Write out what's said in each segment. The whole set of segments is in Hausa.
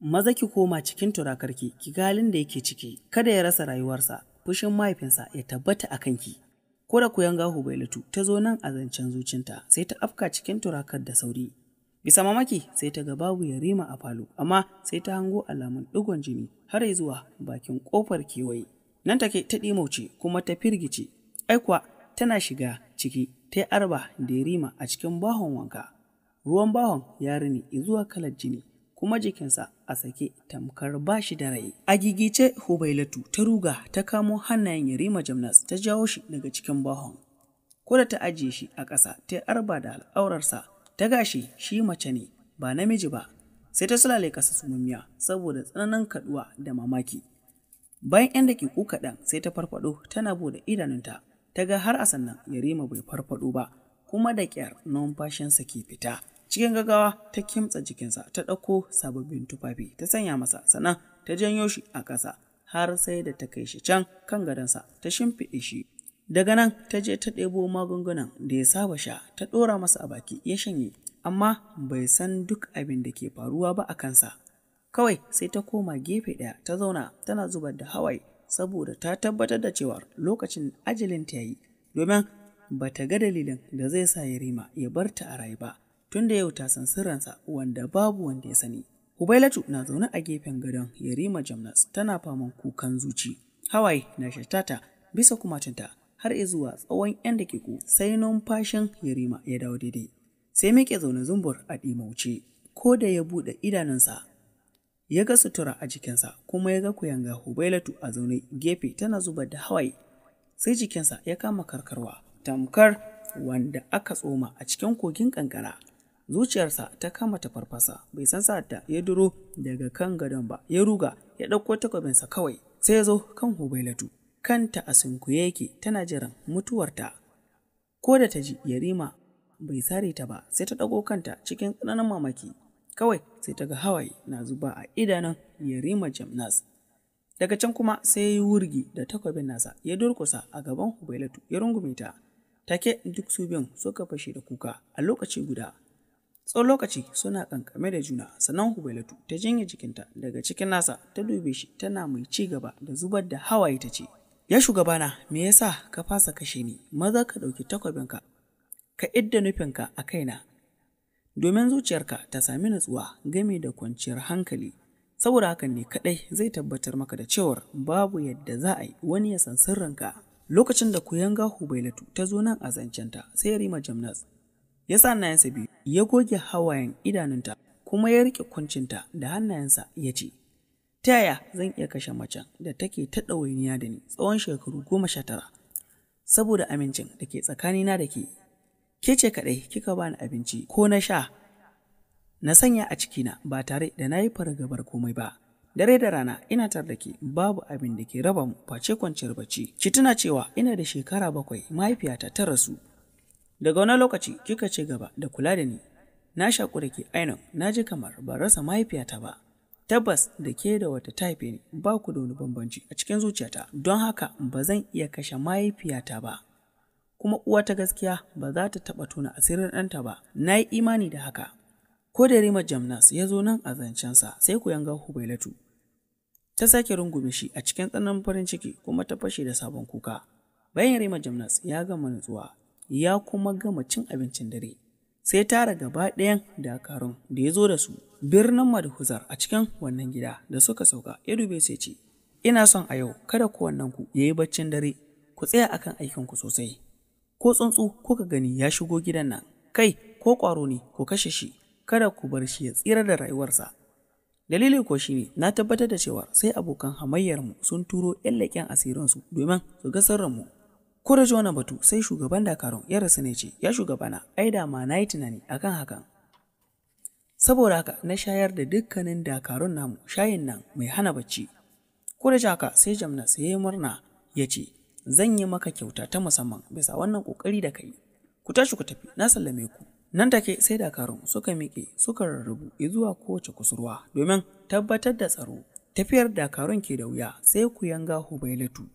maza ki koma cikin turakarki ki galin da yake ciki kada ya rasa rayuwarsa fushin mahaifinsa ya tabbata a kanki ko da kuyan gahu bailatu ta zo nan a zancen zucinta sai ta afka cikin turakar da sauri bisa mamaki sai ta ga babu ya rima a falo amma sai ta hango alamun digon jini har zuwa bakin kofar kewaye nan take ta ɗimauce kuma ta firgice ai kuwa tana shiga ciki ta arba da ya rima a cikin bahon wanka ruwan bahon ya rini zuwa kalar jini kuma jikinsa a sake tamkar ba shi da rai. A gigice Hubailatu ta ruga ta kamo hannayen Yarima Jamnas ta jawo shi daga cikin bahon. Ko da ta ajiye shi a ƙasa ta arba da al'aurarsa ta gashi shi mace ne ba namiji ba sai ta sulale ƙasa sumammiya saboda tsananin kaduwa da mamaki. Bayan 'yan daƙiƙu kaɗan sai ta farfaɗo tana bude idanunta ta ga har a sannan Yarima bai farfaɗo ba kuma da ƙyar numfashinsa ke fita. Cikin gaggawa ta kimtsa jikinsa ta ɗauko sababbin tufafi ta sanya masa sannan ta janyo shi a ƙasa har sai da ta kai shi can kan gadonsa ta shimfiɗe shi. Daga nan ta je ta ɗebo magungunan da ya saba sha ta ɗora masa a baki ya shanye amma bai san duk abin da ke faruwa ba a kansa. Kawai sai ta koma gefe ɗaya ta zauna tana zubar da hawaye saboda ta tabbatar da cewa lokacin ajalin ta yi domin ba ta ga dalilin da zai sa ya rima ya bar ta a rayu ba tun da yau ta san sirransa wanda babu wanda ya sani. Hubailatu na zaune a gefen gadon Yarima Jamnas tana faman kukan zuci. Hawaye na shatata bisa kumatinta har zuwa tsawon 'yan dakiku sai numfashin Yarima ya dawo daidai. Sai miƙe zaune zumbur a ɗimauce ko da ya buɗe idanunsa ya ga sutura a jikinsa kuma ya ga kuyanga Hubailatu a zaune gefe tana zubar da hawaye. Sai jikinsa ya kama karkarwa tamkar wanda aka tsoma a cikin kogin kankara zuciyarsa ta kama ta farfasa bai san sa'adda ya duro daga kan gadon ba ya ruga ya ɗauko takobinsa kawai sai ya zo kan hubailatu kanta a sunkuye yake tana jiran mutuwarta ko da ta ji yarima bai sare ta ba sai ta ɗago kanta cikin tsananin mamaki kawai sai ta ga hawaye na zuba a idanun yarima jamnas daga can kuma sai ya yi wurgi da takobin nasa ya durkusa a gaban hubailatu ya rungume ta take duk su biyun suka fashe da kuka a lokaci guda Tsawon lokaci suna kankame da juna sannan Hubailatu ta jinya jikinta daga cikin nasa ta dube shi tana mai ci gaba da zubar da hawaye ta ce, Ya shugabana, me yasa ka fasa kashe ni, maza ka ɗauki takwabinka, ka idda nufinka a kaina, domin zuciyarka ta sami natsuwa game da kwanciyar hankali. Saboda hakan ne kaɗai zai tabbatar maka da cewar babu yadda za a yi wani ya san sirrinka. Lokacin da kuyanga Hubailatu ta zo nan a zancenta sai Rima Jamnas ya sa hannayensa biyu ya goge hawayen idanunta kuma ya rike kuncinta da hannayensa ya ce ta yaya zan iya kashe macen da take ta ɗawainiya da ni tsawon shekaru goma sha tara saboda amincin da ke tsakanina da ke ke ce kaɗai kika bani abinci ko na sha na sanya a cikina ba tare da na yi fargabar komai ba dare da rana ina tar da ke babu abin da ke raba mu face kwanciyar bacci ki tuna cewa ina da shekara bakwai mahaifiyata ta rasu Daga wani lokaci kika ce gaba da kula da ni, na shaƙu da ke ainihin na ji kamar ba rasa mahaifiyata ba. Tabbas da ke da wata ta ne, ba ku da wani bambanci a cikin zuciyata don haka ba zan iya kashe mahaifiyata ba. Kuma uwa ta gaskiya ba za ta taɓa tona asirin ɗanta ba, na yi imani da haka. Ko da Rima Jamnas ya zo nan a zancensa sai ku yanga Hubailatu. Ta sake rungume shi a cikin tsananin farin ciki kuma ta fashe da sabon kuka. Bayan Rima Jamnas ya gama nutsuwa ya kuma gama cin abincin dare sai tara gaba ɗayan dakarun da ya zo da su birnin madhuzar a cikin wannan gida da suka sauka ya dube sai ce ina son a yau kada wannan ku ya yi baccin dare ku tsaya akan aikin ku sosai ko tsuntsu kuka gani ya shigo gidan nan kai ko ƙwaro ne ku kashe shi kada ku bar shi ya tsira da rayuwarsa dalili ko shi ne na tabbatar da cewa sai abokan hamayyar mu sun turo yan leƙen asirinsu domin su ga sirrinmu ko da ji batu sai shugaban dakarun ya rasu ne ce ya shugabana ai da ma na yi tunani akan hakan saboda haka na shayar da dukkanin dakarun namu shayin nan mai hana bacci ko da haka sai jamna sai ya murna ya ce zan yi maka kyauta ta musamman bisa wannan kokari da kai ku tashi ku tafi na sallame ku nan take sai dakarun suka miƙe suka rarrabu zuwa kowace kusurwa domin tabbatar da tsaro tafiyar dakarun ke da wuya sai ku yanga hubailatu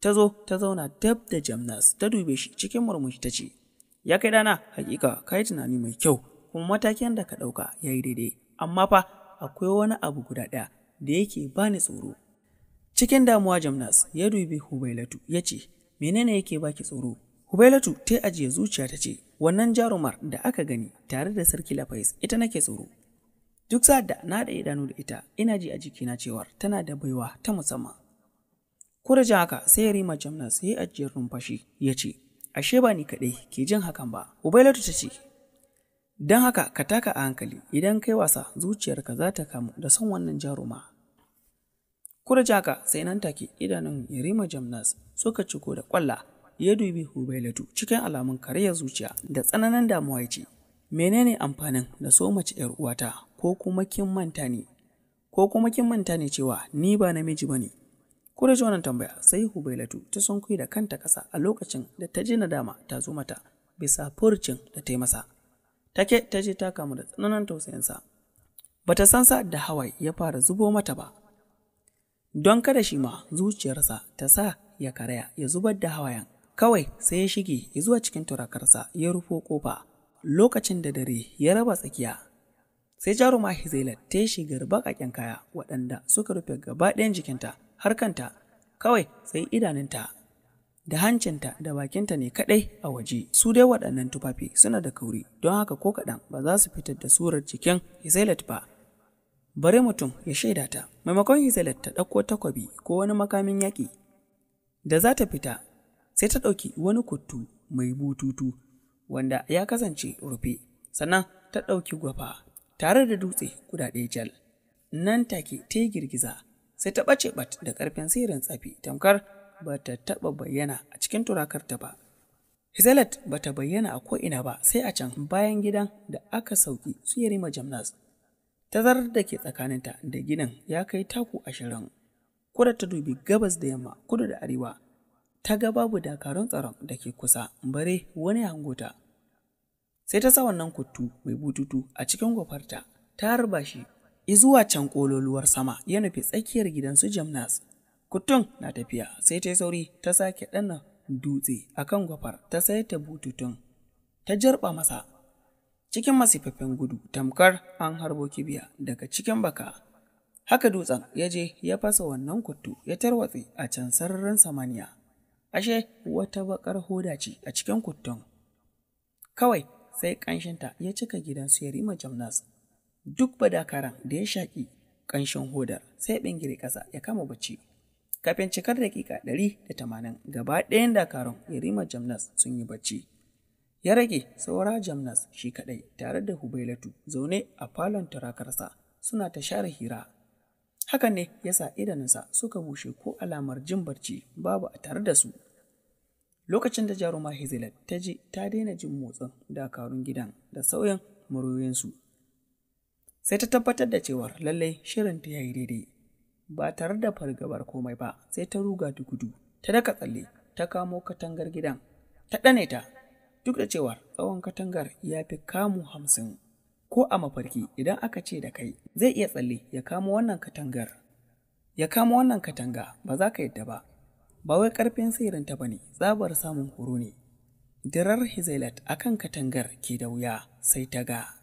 ta zo ta zauna dab da jamnas ta dube shi cikin murmushi ta ce ya kai dana hakika ka yi tunani mai kyau kuma matakin da ka ɗauka ya yi daidai amma fa akwai wani abu guda ɗaya da yake bani tsoro cikin damuwa jamnas ya dube hubailatu ya ce menene yake baki tsoro hubailatu ta ajiye zuciya ta ce wannan jarumar da aka gani tare da sarki lafais ita nake tsoro duk sa'ad da na da idanu da ita ina ji a jikina cewar tana da baiwa ta musamman Kurja haka sai Rima Jamna sai ajiyar numfashi, ya ce, Ashe ba ni kaɗai ke jin hakan ba, Ubailatu ta ce, Don haka ka taka a hankali idan kai wasa zuciyarka za ta kamu da son wannan jaruma. Kurja haka sai nan take idanun Yarima Jamnas suka ciko da kwalla ya dubi Ubailatu cikin alamun karyar zuciya da tsananin damuwa ya ce, Menene amfanin da so mace ‘yar uwata ko kuma kin manta ne, ko kuma kin manta ne cewa ni ba namiji ba ne. Ku da wannan tambaya sai Hubailatu ta sunkuyi da kanta ƙasa a lokacin da ta ji nadama ta zo mata bisa furcin da ta yi masa. Take ta je ta kamu da tsananin tausayinsa. Ba ta san sa da hawaye ya fara zubo mata ba. Don kada shi ma zuciyarsa ta sa ya karaya ya zubar da hawayan Kawai sai ya shige ya zuwa cikin turakarsa ya rufo kofa. Lokacin da dare ya raba tsakiya sai jaruma Hizela ta yi shigar baƙaƙen kaya waɗanda suka rufe gaba ɗayan jikinta. harkanta kawai sai idanunta da hancinta da bakinta ne kaɗai a waje su dai waɗannan tufafi suna da kauri don haka ko kaɗan ba za su fitar da surar jikin Hizelet ba bari mutum ya shaida ta maimakon Hizelet ta ɗauko takobi ko wani makamin yaƙi da za ta fita sai ta ɗauki wani kuttu mai bututu wanda ya kasance rufe sannan ta ɗauki gwafa tare da dutse guda ɗaya jal nan take ta yi girgiza sai ta ɓace ɓat da ƙarfin sirin tsafi tamkar ba ta taɓa bayyana a cikin turakarta ba. Hizalat ba ta bayyana a ko'ina ba sai a can bayan gidan da aka sauki su yarima jamnas. Tazarar da ke tsakaninta da ginin ya kai taku ashirin. Kuda ta dubi gabas da yamma, kudu da arewa. Ta ga babu dakarun tsaron da ke kusa, bare wani hangota. Sai ta sa wannan kuttu mai bututu a cikin gwafarta, ta harba shi izuwa can ƙololuwar sama ya nufi tsakiyar gidan su jamnas. Kutun na tafiya sai ta yi sauri ta sake ɗana dutse a kan gwafar ta sai ta bututun. Ta jarɓa masa cikin masifafin gudu tamkar an harbo kibiya daga cikin baka. Haka dutsen ya je ya fasa wannan kuttu ya tarwatse a can sararin samaniya. Ashe wata bakar hoda ce a cikin kuttun. Kawai sai ƙanshinta ya cika gidansu ya rima jamnas Duk badakaran da ya shaƙi ƙanshin hodar sai bingire ƙasa ya kama bacci. Kafin cikar dakika ɗari da tamanin gaba ɗayan dakarun Yarima Jamnas sun yi bacci. Ya rage saura Jamnas shi kaɗai tare da Hubailatu zaune a falon turakarsa suna ta share hira. Hakan ne ya sa idanunsa suka bushe ko alamar jin barci babu a tare da su. Lokacin da jaruma Hizilat ta ji ta daina jin motsin dakarun gidan da sauyin muryoyinsu sai ta tabbatar da cewar lallai shirin ta yayi daidai ba tare da fargabar komai ba sai ta ruga duk gudu ta daka tsalle ta kamo katangar gidan ta ɗane ta duk da cewar tsawon katangar ya fi kamu hamsin ko a mafarki idan aka ce da kai zai iya tsalle ya kamo wannan katangar ya kamo wannan katanga ba za ka yadda ba ba wai karfin sirrinta ba ne tsabar samun horo ne dirar hizailat akan katangar ke da wuya sai ta ga